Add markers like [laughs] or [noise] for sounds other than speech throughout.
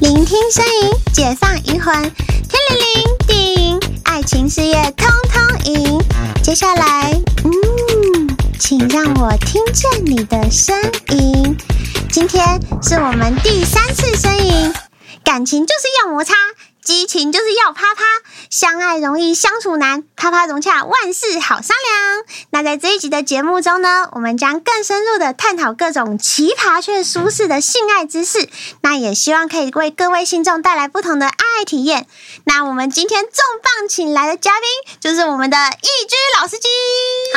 聆聽聲音，解放靈魂，天靈靈，地靈靈，愛情事業通通贏。接下來，嗯，請讓我聽見你的聲音。今天是我們第三次呻吟，感情就是要摩擦。激情就是要啪啪，相愛容易相處難，啪啪融洽萬事好商量。那在這一集的節目中呢，我們將更深入的探討各種奇葩卻舒適的性愛姿勢。那也希望可以為各位聽眾帶來不同的愛愛體驗。那我們今天重磅請來的嘉賓就是我們的 1G 老司機。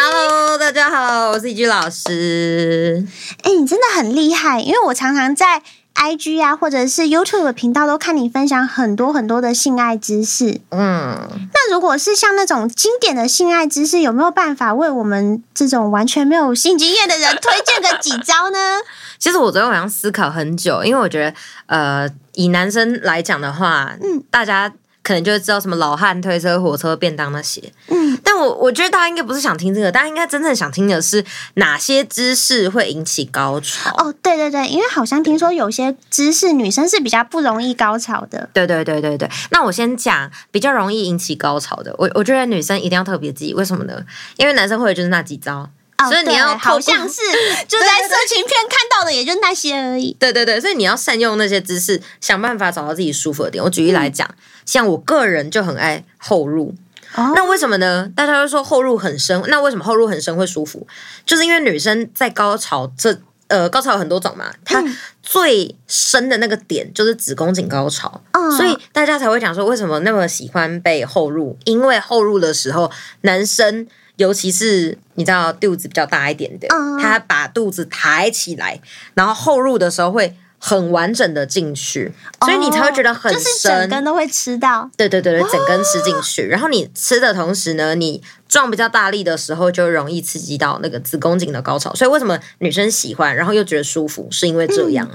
Hello，大家好，我是 1G 老師。哎、欸，你真的很厲害，因為我常常在。IG 啊，或者是 YouTube 的頻道，都看你分享很多很多的性愛知識。嗯，那如果是像那種經典的性愛知識，有沒有辦法為我們這種完全沒有性經驗的人推薦個幾招呢？ [laughs] 其實我昨天晚上思考很久，因為我覺得，呃，以男生來講的話，嗯，大家。可能就會知道什麼老漢推車、火車便當那些，嗯，但我我覺得大家應該不是想聽這個，大家應該真正想聽的是哪些姿勢會引起高潮？哦，對對對，因為好像聽說有些姿勢女生是比較不容易高潮的，對對對對對。那我先講比較容易引起高潮的，我我覺得女生一定要特別記，為什麼呢？因為男生會有就是那幾招。Oh, 所以你要好像是 [laughs] 就在色情片看到的，也就那些而已。對對對，所以你要善用那些姿勢，想辦法找到自己舒服的點。我舉例來講，嗯、像我個人就很愛後入，oh. 那為什麼呢？大家都說後入很深，那為什麼後入很深會舒服？就是因為女生在高潮這呃，高潮有很多種嘛、嗯，她最深的那個點就是子宮頸高潮，oh. 所以大家才會講說為什麼那麼喜歡被後入，因為後入的時候男生。尤其是你知道肚子比較大一點點、嗯，他把肚子抬起來，然後後入的時候會很完整的進去、哦，所以你才會覺得很深，整根、就是、都會吃到。對對對對、哦，整根吃進去，然後你吃的同時呢，你撞比較大力的時候就容易刺激到那個子宮頸的高潮，所以為什麼女生喜歡，然後又覺得舒服，是因為這樣。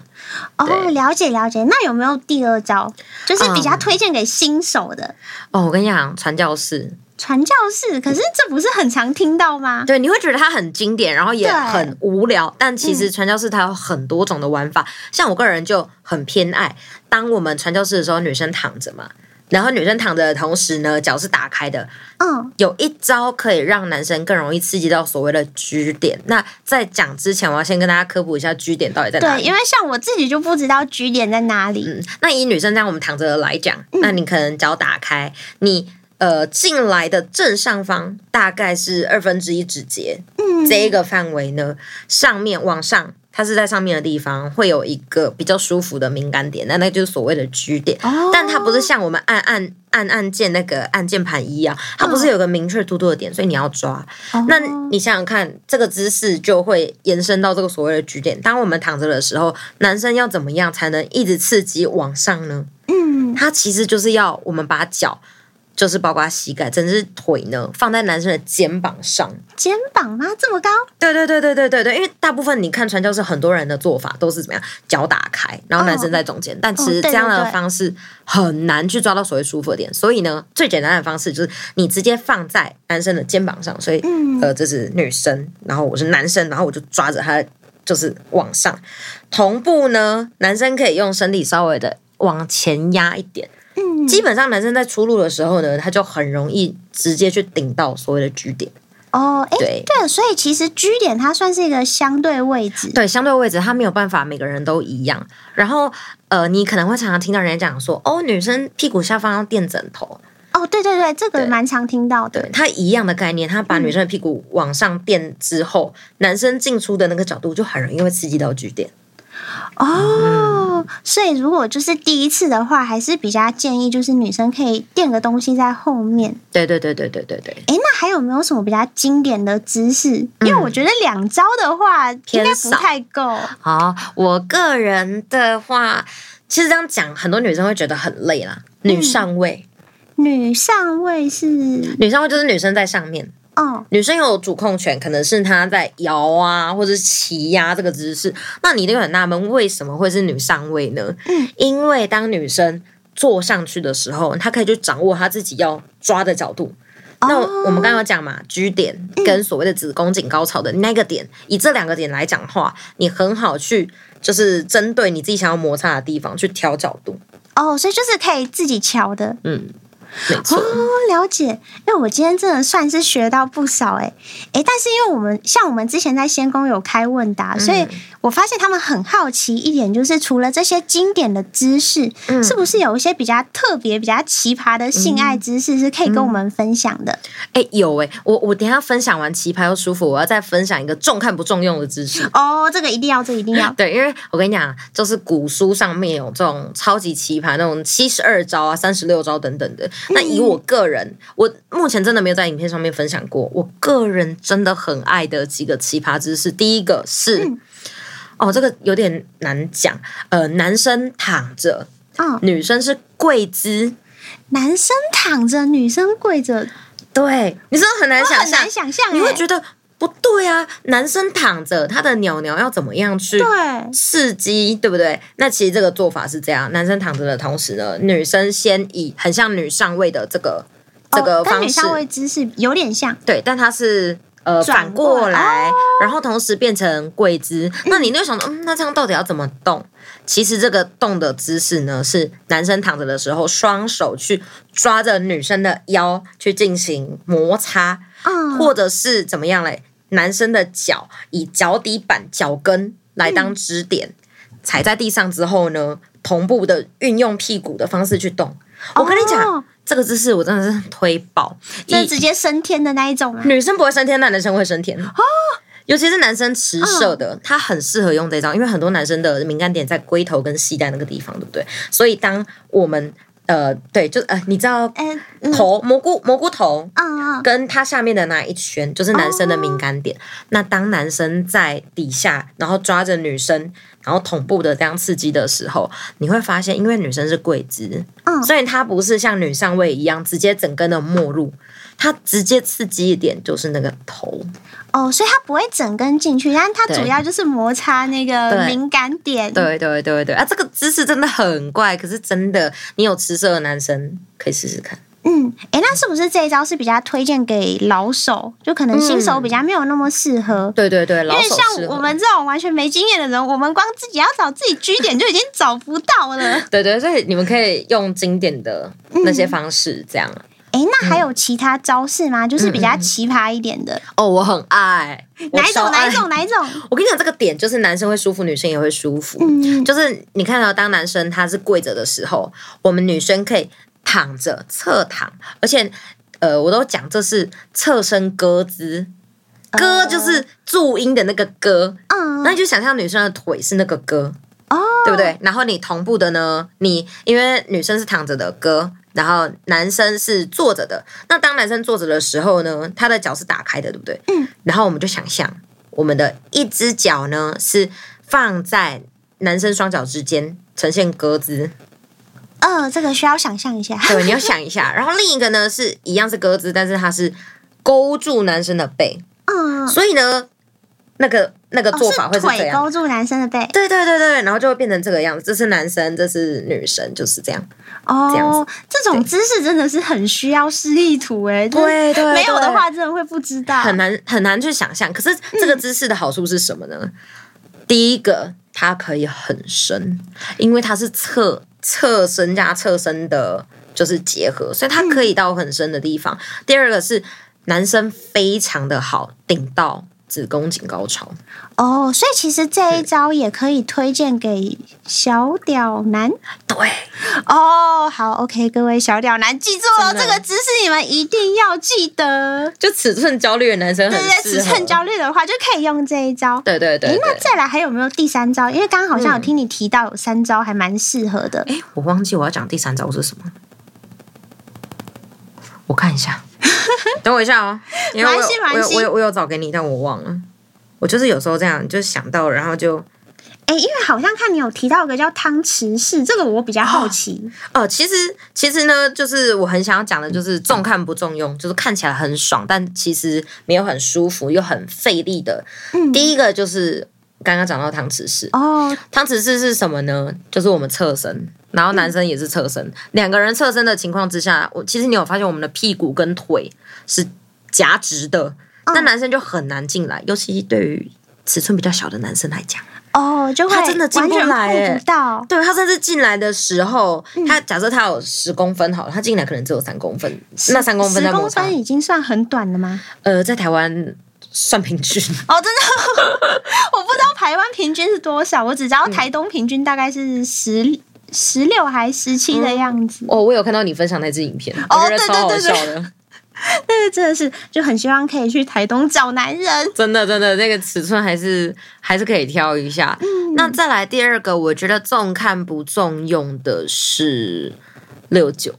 嗯、哦，了解了解。那有沒有第二招，就是比較推薦給新手的、嗯？哦，我跟你講，傳教士。傳教士，可是這不是很常聽到嗎？對，你會覺得它很經典，然後也很無聊。但其實傳教士它有很多種的玩法、嗯，像我個人就很偏愛。當我們傳教士的時候，女生躺着嘛，然後女生躺着的同時呢，腳是打開的。嗯，有一招可以讓男生更容易刺激到所謂的 G 點。那在講之前，我要先跟大家科普一下 G 點到底在哪裡？對，因為像我自己就不知道 G 點在哪裡。嗯，那以女生這樣我們躺着來講，那你可能腳打開，嗯、你。呃，進來的正上方大概是二分之一指節，嗯，這一個範圍呢，上面往上，它是在上面的地方會有一個比較舒服的敏感點，那那就是所謂的 G 點。哦，但它不是像我們按按按按鍵那個按鍵盤一樣，它不是有個明確突突的點，所以你要抓。哦，那你，你想想看，這個姿勢就會延伸到這個所謂的 G 點。當我們躺着的時候，男生要怎麼樣才能一直刺激往上呢？嗯，它其實就是要我們把腳。就是包括膝蓋，整隻腿呢，放在男生的肩膀上。肩膀嗎？這麼高？對對對對對對對。因為大部分你看傳教士很多人的做法都是怎麼樣？腳打開，然後男生在中間。哦，但其實這樣的方式很難去抓到所謂舒服的點，哦對對對。所以呢，最簡單的方式就是你直接放在男生的肩膀上。所以，嗯，呃，這是女生，然後我是男生，然後我就抓着他就是往上。同步呢，男生可以用身體稍微的往前壓一點。基本上男生在出路的時候呢，他就很容易直接去頂到所謂的 G 點哦，哎、欸、對對，所以其實 G 點它算是一個相對位置，對相對位置它沒有辦法每個人都一樣。然後呃，你可能會常常聽到人家講說，哦，女生屁股下方要墊枕頭，哦對對對，這個蠻常聽到的。它一樣的概念，他把女生的屁股往上墊之後，嗯、男生進出的那個角度就很容易會刺激到 G 點。Oh, 哦，所以如果就是第一次的話，還是比較建議就是女生可以墊個東西在後面。對對對對對對對。哎，那還有沒有什麼比較經典的姿勢？嗯、因為我覺得兩招的話，應該不太夠。好，我個人的話，其實這樣講，很多女生會覺得很累啦。女上位，嗯、女上位是，女上位就是女生在上面。女生有主控權，可能是她在搖啊，或者是騎壓、啊、這個姿勢。那你一定很納悶，為什麼會是女上位呢、嗯？因為當女生坐上去的時候，她可以去掌握她自己要抓的角度。哦、那我們剛剛講嘛，G 點跟所謂的子宮頸高潮的那個點，嗯、以這兩個點來講的話，你很好去就是針對你自己想要摩擦的地方去調角度。哦，所以就是可以自己調的。嗯。哦，了解。因為，我今天真的算是學到不少誒、欸、誒、欸，但是因為我們像我們之前在仙宮有開問答，所以我發現他們很好奇一點，就是除了這些經典的知識，嗯、是不是有一些比較特別、比較奇葩的性愛知識是可以跟我們分享的？誒、嗯嗯欸，有誒、欸。我我等下分享完奇葩又舒服，我要再分享一個重看不重用的知識哦。這個一定要，這個、一定要。對，因為我跟你講，就是古書上面有這種超級奇葩那種七十二招啊、三十六招等等的。那、嗯、以我個人、嗯，我目前真的沒有在影片上面分享過。我個人真的很愛的幾個奇葩姿勢。第一個是、嗯，哦，這個有點難講。呃，男生躺着、哦，女生是跪姿，男生躺着，女生跪着，對，你真的很難想象，很難想象、欸，你會覺得。不對啊，男生躺着，他的鳥鳥要怎麼樣去刺激，對不對？那其實這個做法是這樣：男生躺着的同時呢，女生先以很像女上位的這個、哦、這個方式，女上位姿勢有點像，對，但它是呃轉過反過來、哦，然後同時變成跪姿。那你那想嗯，嗯，那這樣到底要怎麼動？其實這個動的姿勢呢，是男生躺着的時候，雙手去抓着女生的腰去進行摩擦、嗯，或者是怎麼樣嘞？男生的腳以腳底板、腳跟來當支點、嗯，踩在地上之後呢，同步的運用屁股的方式去動。哦、我跟你講，這個姿勢我真的是很推爆，就、嗯、是直接升天的那一種、啊。女生不會升天，但男生會升天啊、哦！尤其是男生持射的，他很適合用這招、嗯，因為很多男生的敏感點在龜頭跟繫帶那個地方，對不對？所以當我們呃，對，就是呃，你知道，頭蘑菇蘑菇頭，跟它下面的那一圈，就是男生的敏感點。Oh. 那當男生在底下，然後抓着女生，然後同步的這樣刺激的時候，你會發現，因為女生是跪姿，嗯、oh.，所以她不是像女上位一樣，直接整根的沒入。它直接刺激一點就是那個頭哦，oh, 所以它不會整根進去，但它主要就是摩擦那個敏感點。對對對對，對啊，這個姿勢真的很怪，可是真的，你有吃色的男生可以試試看。嗯，誒、欸，那是不是這一招是比較推薦給老手？就可能新手比較沒有那麼適合、嗯。對對對老手，因為像我們這種完全沒經驗的人，我們光自己要找自己 G 點就已經找不到了。 [laughs] 對，對對，所以你們可以用經典的那些方式這樣。嗯。哎、欸，那還有其他招式嗎？嗯、就是比較奇葩一點的、嗯嗯嗯、哦，我很愛哪一種愛哪一種哪一種？我跟你講，這個點就是男生會舒服，女生也會舒服。嗯，就是你看到當男生他是跪着的時候，我們女生可以躺着側躺，而且呃，我都講這是側身歌姿，歌就是注音的那個歌。嗯、哦，那你就想象女生的腿是那個歌。哦，對不對？然後你同步的呢，你因為女生是躺着的歌。然後男生是坐着的，那當男生坐着的時候呢，他的腳是打開的，對不對？嗯。然後我們就想象，我們的一只腳呢是放在男生雙腳之間，呈現鴿子。嗯，這個需要想象一下。對，你要想一下。 [laughs] 然後另一個呢是一樣是鴿子，但是它是勾住男生的背。嗯。所以呢？那個那個做法會是怎樣？哦、是腿勾住男生的背。對對對對，然後就會變成這個樣子。這是男生，這是女生，就是這樣。哦，這,這種姿勢真的是很需要示意圖誒，對對,對對，沒有的話真的會不知道，很難很難去想象。可是這個姿勢的好處是什麼呢？嗯、第一個，它可以很深，因為它是側側身加側身的，就是結合，所以它可以到很深的地方。嗯、第二個是男生非常的好頂到。子宮頸高潮哦，oh, 所以其實這一招也可以推薦給小屌男。對，哦、oh,，好，OK，各位小屌男，記住了這個知識你們一定要記得。就尺寸焦慮的男生很，對對，尺寸焦慮的話就可以用這一招。對對對，對，對、欸。那再來還有沒有第三招？因為剛剛好像有聽你提到有三招還蠻適合的。哎、嗯欸，我忘記我要講第三招是什麼，我看一下。 [laughs] 等我一下哦，因為我有我有，我有，我，有我有找給你，但我忘了。我就是有時候這樣，就想到然後就哎、欸，因為好像看你有提到一個叫湯匙式，這個我比較好奇。哦，其實其實呢，就是我很想要講的，就是重看不重用、嗯，就是看起來很爽，但其實沒有很舒服又很費力的、嗯。第一個就是剛剛講到湯匙式哦，湯匙式是什麼呢？就是我們側身。然後男生也是側身、嗯，兩個人側身的情況之下，我其實你有發現我們的屁股跟腿是夾直的、嗯，但男生就很難進來，尤其對於尺寸比較小的男生來講，哦，就會他真的進完全夠不、欸、到。對他這次進來的時候、嗯，他假設他有十公分好了，他進來可能只有三公分，那三公分十公分已經算很短了嗎？呃，在台灣算平均哦，真的，我不知道台灣平均是多少，我只知道台東平均大概是十。十六還十七的樣子、嗯、哦，我有看到你分享那支影片，哦、我覺得超好笑的，但是真的是就很希望可以去台東找男人，真的真的，那個尺寸還是還是可以挑一下、嗯。那再來第二個，我覺得中看不中用的是六九。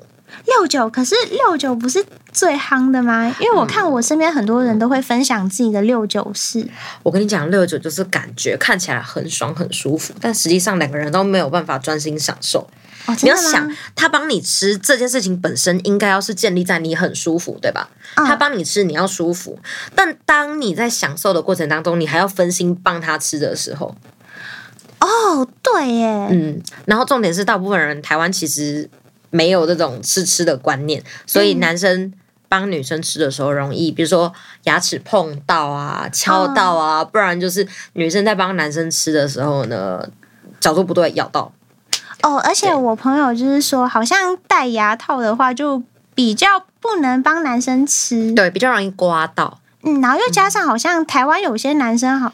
六九？可是六九不是最夯的嗎？因為我看我身邊很多人都會分享自己的六九式。我跟你講，六九就是感覺看起來很爽很舒服，但實際上兩個人都沒有辦法專心享受。哦、你要想他幫你吃這件事情本身應該要是建立在你很舒服，對吧？哦、他幫你吃你要舒服，但當你在享受的過程當中，你還要分心幫他吃的時候，哦，對耶，嗯。然後重點是，大部分人台灣其實。沒有這種吃吃的觀念，所以男生幫女生吃的時候容易，嗯、比如說牙齒碰到啊、敲到啊、嗯，不然就是女生在幫男生吃的時候呢，角度不對咬到。哦，而且我朋友就是說，好像戴牙套的話，就比較不能幫男生吃，對，比較容易刮到。嗯，然後又加上好像台灣有些男生好。嗯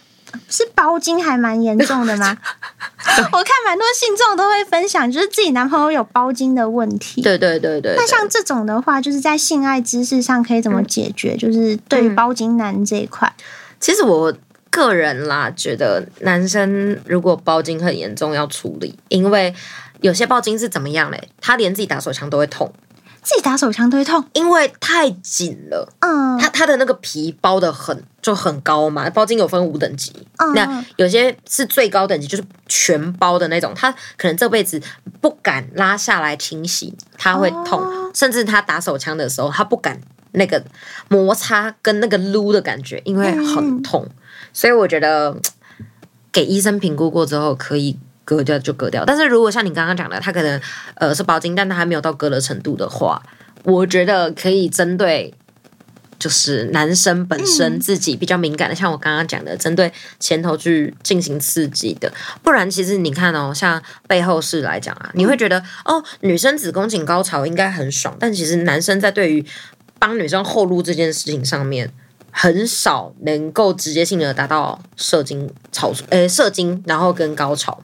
是包莖，還蠻嚴重的嗎？ [laughs] 我看蠻多性眾都會分享，就是自己男朋友有包莖的問題。對對對對,對，那像這種的話，就是在性愛知識上可以怎麼解決？嗯、就是對於包莖男這一塊、嗯，其實我個人啦，覺得男生如果包莖很嚴重要處理，因為有些包莖是怎麼樣嘞？他連自己打手槍都會痛。自己打手槍都會痛，因為太緊了。嗯，他他的那個皮包得很就很高嘛，包莖有分五等級、嗯，那有些是最高等級，就是全包的那種，他可能這輩子不敢拉下來清洗，他會痛，哦、甚至他打手槍的時候，他不敢那個摩擦跟那個擼的感覺，因為很痛。嗯、所以我覺得給醫生評估過之後，可以。割掉就割掉，但是如果像你剛剛講的，他可能呃是包莖，但他還沒有到割的程度的話，我覺得可以針對就是男生本身自己比較敏感的，嗯、像我剛剛講的，針對前頭去進行刺激的。不然其實你看哦，像背後式來講啊，你會覺得、嗯、哦，女生子宮頸高潮應該很爽，但其實男生在對於幫女生後路這件事情上面，很少能夠直接性的達到射精、高潮，誒、欸、射精，然後跟高潮。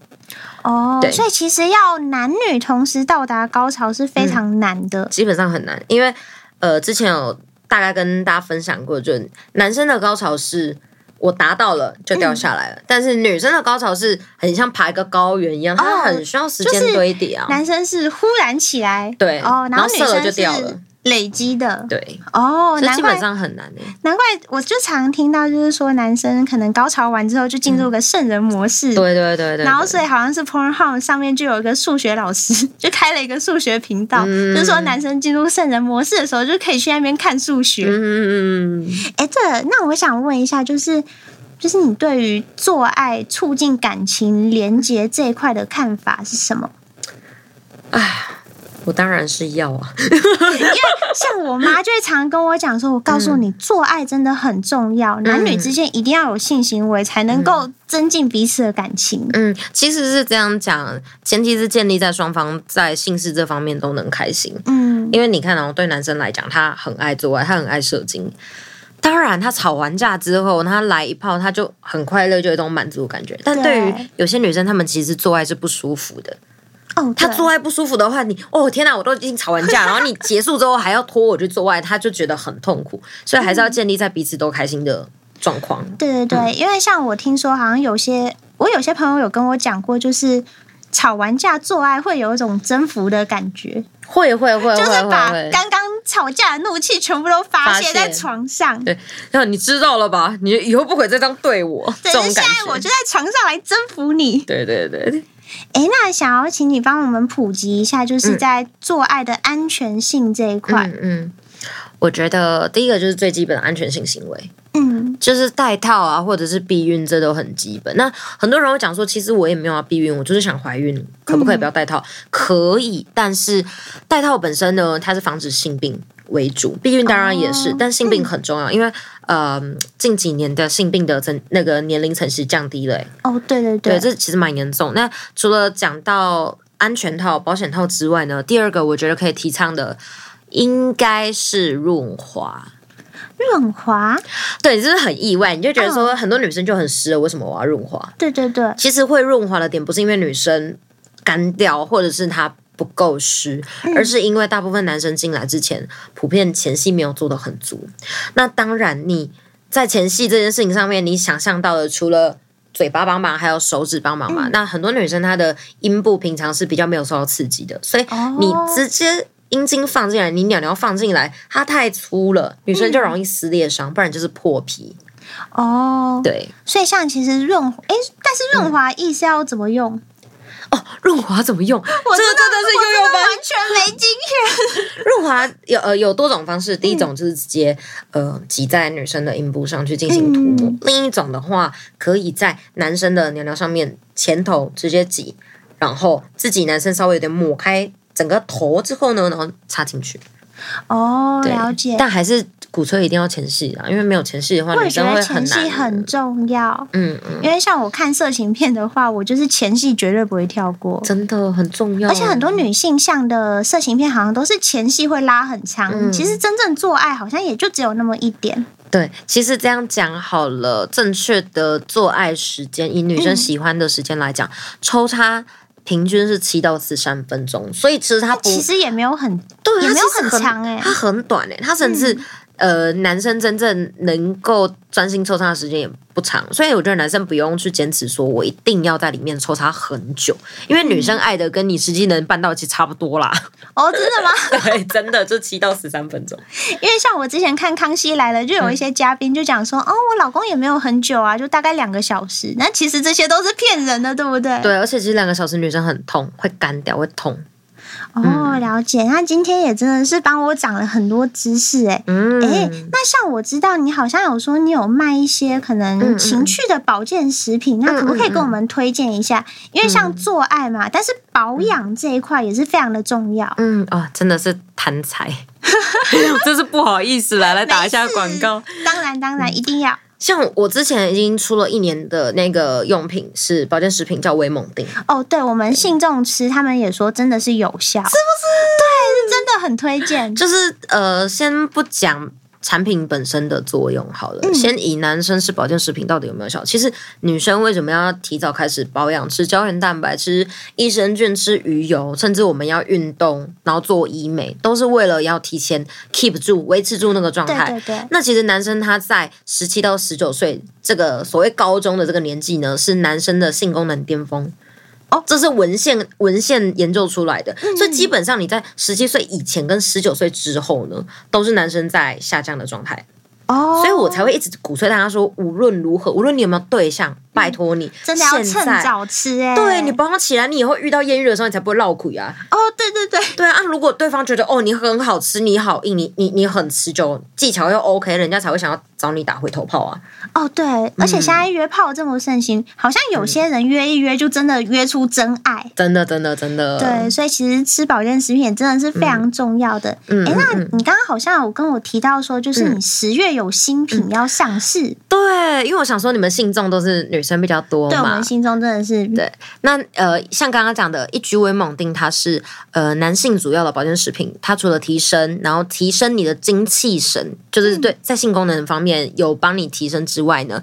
哦、oh,，所以其實要男女同時到達高潮是非常難的，嗯、基本上很難，因為呃，之前有大概跟大家分享過，就男生的高潮是我達到了就掉下來了、嗯，但是女生的高潮是很像爬一個高原一樣，oh, 它很需要時間堆疊啊，就是、男生是忽然起來，對，oh, 然後女生射了就掉了。累積的對哦，這基本上很難，難怪，難怪我就常聽到就是說，男生可能高潮完之後就進入個聖人模式，嗯、對，對對對對，然後所以好像是 Pornhub 上面就有一個數學老師，就開了一個數學頻道，嗯，就是說男生進入聖人模式的時候就可以去那邊看數學。嗯嗯嗯。哎，欸，這個，那我想問一下，就是就是你對於做愛促進感情連接這一塊的看法是什麼？哎。我當然是要啊， [laughs] 因為像我媽就常跟我講說，我告訴你、嗯，做愛真的很重要，男女之間一定要有性行為，才能夠增進彼此的感情。嗯，其實是這樣講，前提是建立在雙方在性事這方面都能開心。嗯，因為你看哦，對男生來講，他很愛做愛，他很愛射精，當然他吵完架之後，他來一炮，他就很快樂，就有一種滿足感覺。但對於有些女生，她們其實做愛是不舒服的。哦、oh，他做愛不舒服的話，你哦天哪，啊，我都已經吵完架， [laughs] 然後你結束之後還要拖我去做愛，他就覺得很痛苦，所以還是要建立在彼此都開心的狀況，嗯。對對對，因為像我聽說，好像有些我有些朋友有跟我講過，就是吵完架做愛會有一種征服的感覺，會會，會會會，就是把剛剛吵架的怒氣全部都發泄在床上。對，那你知道了吧？你以後不可以再這樣對我。對，現在我就在床上來征服你。對對對，對。哎，那想要請你幫我們普及一下，就是在做愛的安全性這一塊嗯。嗯，我覺得第一個就是最基本的安全性行為，嗯，就是戴套啊，或者是避孕，這都很基本。那很多人會講說，其實我也沒有要避孕，我就是想懷孕，可不可以不要戴套？嗯、可以，但是戴套本身呢，它是防止性病。為主，避孕當然也是，哦，但性病很重要，嗯、因為呃、嗯，近幾年的性病的層那個年齡層是降低了，欸。哦，對對對，對這其實蠻嚴重。那除了講到安全套、保險套之外呢，第二個我覺得可以提倡的應該是潤滑。潤滑？對，這是很意外，你就覺得說很多女生就很濕了，啊，為什麼我要潤滑？對，對對對，其實會潤滑的點不是因為女生乾掉，或者是她。不夠濕，而是因為大部分男生進來之前，普遍前戲沒有做得很足。那當然，你在前戲這件事情上面，你想象到的除了嘴巴幫忙，還有手指幫忙嘛、嗯？那很多女生她的陰部平常是比較沒有受到刺激的，所以你直接陰莖放進來，你鳥鳥放進來，它太粗了，女生就容易撕裂傷、嗯，不然就是破皮。哦，對。所以像其實潤滑，誒、欸，但是潤滑液是要怎麼用？嗯哦，潤滑怎麼用？我這個真的是又又完全沒經驗。潤 [laughs] 滑有呃有多種方式、嗯，第一種就是直接呃擠在女生的陰部上去進行塗抹、嗯，另一種的話，可以在男生的尿尿上面前頭直接擠，然後自己男生稍微有點抹開整個頭之後呢，然後插進去。哦，了解。但還是鼓吹一定要前戲啊，因為沒有前戲的話，你覺得前戲很重要，嗯嗯。因為像我看色情片的話，我就是前戲絕對不會跳過，真的很重要。而且很多女性向的色情片，好像都是前戲會拉很長，嗯。其實真正做愛好像也就只有那麼一點。對，其實這樣講好了，正確的做愛時間，以女生喜歡的時間來講，嗯，抽插。平均是七到十三分鐘，所以其實它不其實也沒有很對，也沒有很長哎、欸，它很短哎、欸，它甚至。嗯呃，男生真正能夠專心抽插的時間也不長，所以我覺得男生不用去堅持說我一定要在裡面抽插很久，因為女生愛的跟你實際能辦到其實差不多啦。哦、嗯，真的嗎？對，真的就七到十三分鐘。 [laughs] 因為像我之前看《康熙來了》，就有一些嘉賓就講說、嗯，哦，我老公也沒有很久啊，就大概兩個小時。那其實這些都是騙人的，對不對？對，而且其實兩個小時女生很痛，會乾掉，會痛。哦，了解。那今天也真的是幫我漲了很多知識哎、欸。嗯。哎、欸，那像我知道你好像有說你有賣一些可能情趣的保健食品，嗯嗯、那可不可以跟我們推薦一下、嗯？因為像做愛嘛，但是保養這一塊也是非常的重要。嗯啊、哦，真的是貪財， [laughs] 真是不好意思啦。來，來打一下廣告。當然，當然，一定要。像我之前已經出了一年的那個用品是保健食品，叫威猛丁。哦，對，我們信眾吃，嗯，他們也說真的是有效，是不是？對，是真的很推薦。就是呃，先不講。產品本身的作用好了，先以男生吃保健食品，嗯、到底有沒有效？其實女生為什麼要提早開始保養，吃膠原蛋白，吃益生菌，吃魚油，甚至我們要運動，然後做醫美，都是為了要提前 keep 住，維持住那個狀態。對對，那其實男生他在十七到十九歲這個所謂高中的這個年紀呢，是男生的性功能巔峰。哦，這是文獻文獻研究出來的、嗯，所以基本上你在十七歲以前跟十九歲之後呢，都是男生在下降的狀態。哦，所以我才會一直鼓吹大家說，無論如何，無論你有沒有對象，拜托你、嗯、真的要趁早吃對你早上起來，你以後遇到艷遇的時候，你才不會落苦呀、啊。哦，對對對，對啊，如果對方覺得哦你很好吃，你好硬，你你你很持久，技巧又 OK，人家才會想要。找你打回頭炮啊！哦、oh，對、嗯，而且現在約炮這麼盛行，好像有些人約一約就真的約出真愛，嗯、真的，真的，真的。對，所以其實吃保健食品也真的是非常重要的。哎、嗯，那你剛剛好像有跟我提到說，就是你十月有新品要上市，嗯嗯、對，因為我想說你們信眾都是女生比較多，對，我們信眾真的是、嗯、對。那呃，像剛剛講的，一舉威猛錠它是呃男性主要的保健食品，它除了提升，然後提升你的精氣神，就是對、嗯、在性功能方面，有幫你提升之外呢，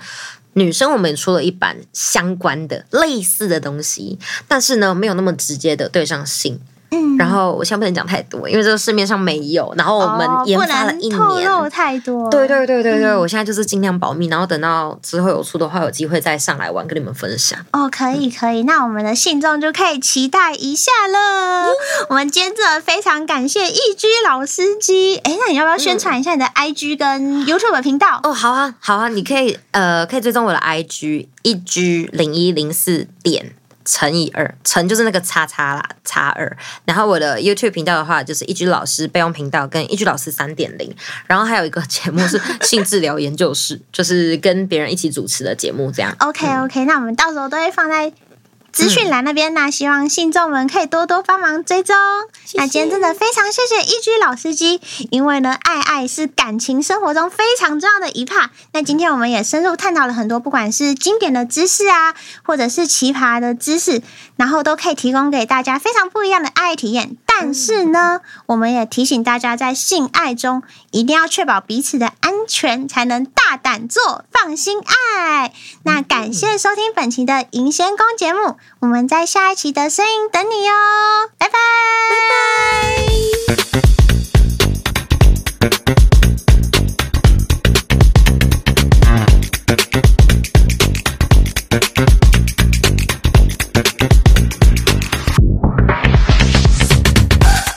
女生我們也出了一版相關的、類似的東西，但是呢，沒有那麼直接的對上性。嗯，然後我現在不能講太多，因為這個市面上沒有。然後我們也、哦、不能透露太多。對對對對對、嗯，我現在就是盡量保密，然後等到之後有出的話，有機會再上來玩跟你們分享。哦，可以可以、嗯，那我們的信眾就可以期待一下了。嗯、我們今天真的非常感謝 1G 老司機。哎，那你要不要宣傳一下你的 IG 跟 YouTube 頻道？嗯、哦，好啊好啊，你可以呃可以追蹤我的 IG 1G 零一零四點。乘以二，乘就是那個叉叉啦，叉二。然後我的 YouTube 頻道的話，就是 1G 老師備用頻道跟 1G 老師三點零。然後還有一個節目是性治療研究室， [laughs] 就是跟別人一起主持的節目，這樣。OK OK，嗯，那我們到時候都會放在。資訊欄那邊呢，希望信眾們可以多多幫忙追蹤、嗯。那今天真的非常謝謝 1G 老司機，因為呢，愛愛是感情生活中非常重要的一 part。那今天我們也深入探討了很多，不管是經典的知識啊，或者是奇葩的知識，然後都可以提供給大家非常不一樣的愛愛體驗。但是呢，我們也提醒大家，在性愛中一定要確保彼此的安全，才能大膽做、放心愛。那感謝收聽本期的《寅仙宮》節目，我們在下一期的聲音等你喲，拜拜。拜拜